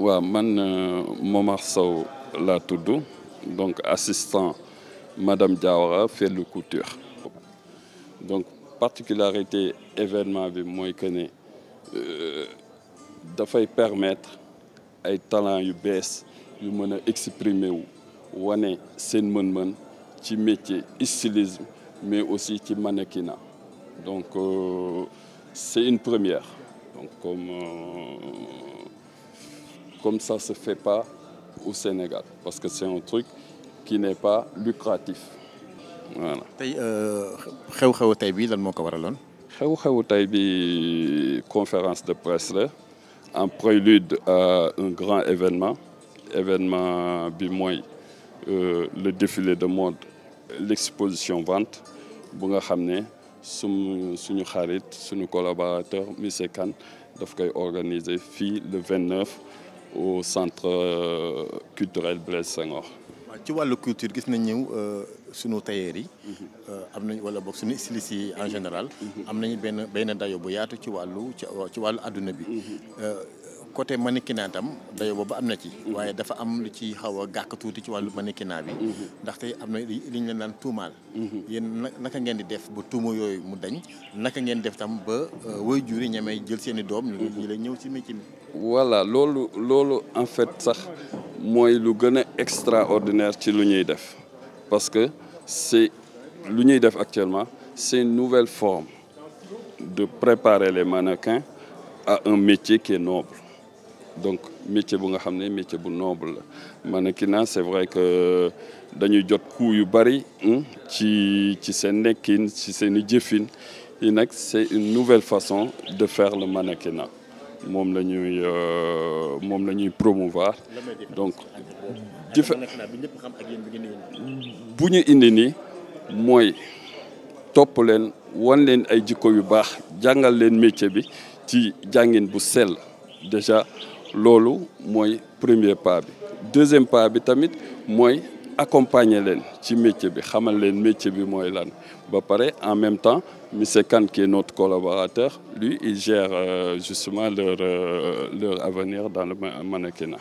waaw man euh, Momar Sow laa tudd donc assistant madame Diawara Fellou Couture donc particularité événement bi mooy que ne euh, dafay permettre ay talent yu bees yu mën a exprimer wu wane seen mën-mën ci métier stylisme mais aussi ci mannequinat donc euh, c'est une première donc comme comme ça ne se fait pas au Sénégal, parce que c'est un truc qui n'est pas lucratif. voilà tey euh, xew-xewu tey bi lan moo ko waraloon. xew-xewu tey bi conférence de presse la en prélude à un grand événement événement bi mooy euh, le défilé de mode l'exposition vente bu nga xam ne suñu suñu xarit suñu collaborateur monsieur Kane daf koy organiser fii le 29. au centre euh, culturel Blaise Senghor. ci wàllu culture gis nañ ñëw euh, sunu tailleur yi. Euh, am nañ wala boog sunu stylistes yi en général. Mhm. am nañu benn benn dayo bu yaatu ci wàllu ci wàllu àdduna bi. Mhm. côté mannequinat tam dayoo boobu am na ci. waaye dafa am lu ci xaw a gàkk tuuti ci wàllu mannequinat bi. Mhm. ndaxte am na li ñu leen daan tuumaal. Mhm. yéen naka ngeen di def ba tuuma yooyu mu dañ naka ngeen def tam ba euh, way juri ñamee jël seeni i doom. ñu mhm. la ñëw ci métier mi. voilà loolu loolu en fait sax mooy lu gën a extraordinaire ci lu ñuy def parce que c'est lu ñuy def actuellement c'est nouvelle forme de préparer le mannequins à un métier qui est donc métier bu nga xam ne métier bu noble la mannequinat c'est vrai que dañuy jot coût yu bari hmm, ci ci seen nekkin ci seen i jëfin yi nag c'est une nouvelle façon de faire le mannequinat moom la ñuy euh, moom la ñuy promouvoir donc dife bu ñu indi nii mooy topp leen wan leen ay jikko yu baax jàngal leen métier bi ci jàngin bu sell déjà loolu mooy premier pas bi deuxième pas bi tamit mooy accompagner leen ci métier bi xamal leen métier bi mooy lan ba pare en même temps monsieur Kane qui est notre collaborateur lui il gère euh, justement leur euh, leur avenir dans le mannequinat.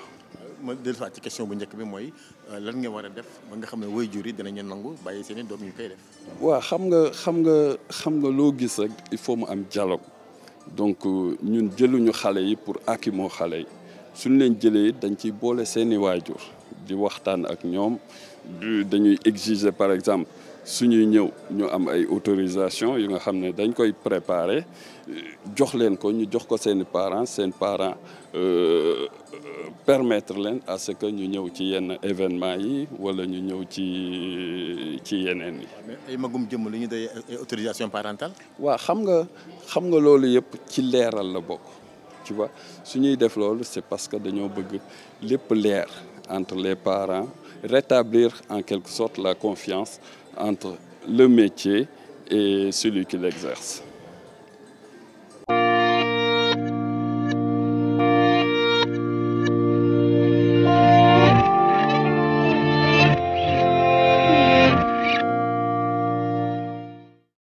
ma dellusiwaat ci question bu njëkk bi mooy euh, lan nga war a def ba nga xam ne waajur yi dinañu nangu bàyyi seen i doom ñu koy def. waaw xam nga xam nga xam nga loo gis rek il faut mu am dialogue donc ñun jëluñu xale yi pour àkki moo xale yi. suñ leen jëlee dañ ciy boole seeni waajur di waxtaan ak ñoom dañuy exiger par exemple suñuy ñëw ñu am ay autorisation yu nga xam ne dañ koy préparer jox leen ko ñu jox ko seeni parents seen parents euh, permettre leen à ce que ñu ñëw ci yenn événement yi wala ñu ñëw ci ci yeneen yi. Ah, ay magum jëmm li ñu day autorisation parentale. waaw xam nga xam nga loolu yëpp ci leeral la bokk. tu su ñuy def loolu c'est parce que dañoo bëgg lépp leer entre les parents rétablir en quelque sorte la confiance entre le métier et celui qui l'exerce